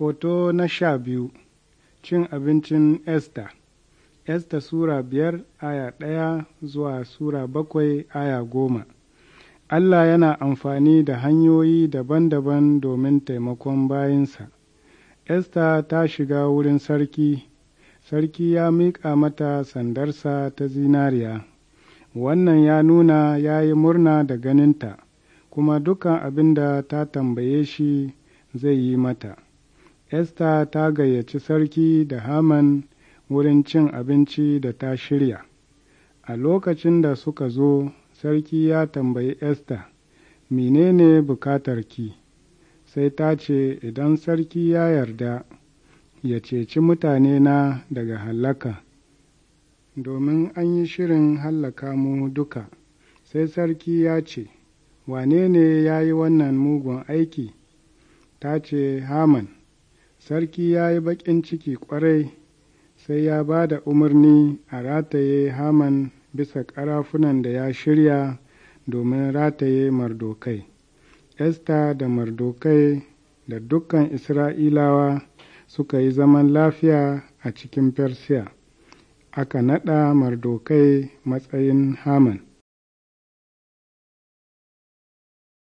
Foto na sha biyu Cin abincin Esther Esther Sura biyar aya ɗaya zuwa Sura bakwai aya goma Allah yana amfani da hanyoyi daban-daban domin taimakon bayinsa. Esther ta shiga wurin sarki, sarki ya miƙa mata sandarsa ta zinariya. Wannan ya nuna ya yi murna da ganinta, kuma dukan abin da ta tambaye shi zai yi mata. Esta ta gayyaci sarki da Haman wurin cin abinci da ta shirya. A lokacin da suka zo, sarki ya tambayi Esta, menene bukatarki? Sai ta ce, Idan sarki ya yarda, ya ceci mutane na daga hallaka, domin an yi shirin hallaka mu duka. Sai sarki ya ce, Wane ne ya yi wannan mugun aiki? Ta ce, Haman. sarki ya yi baƙin ciki ƙwarai sai ya ba da umarni a rataye haman bisa ƙarafunan da ya shirya domin rataye mardokai esta da mardokai da dukkan isra'ilawa suka yi zaman lafiya a cikin persiya aka naɗa mardokai matsayin haman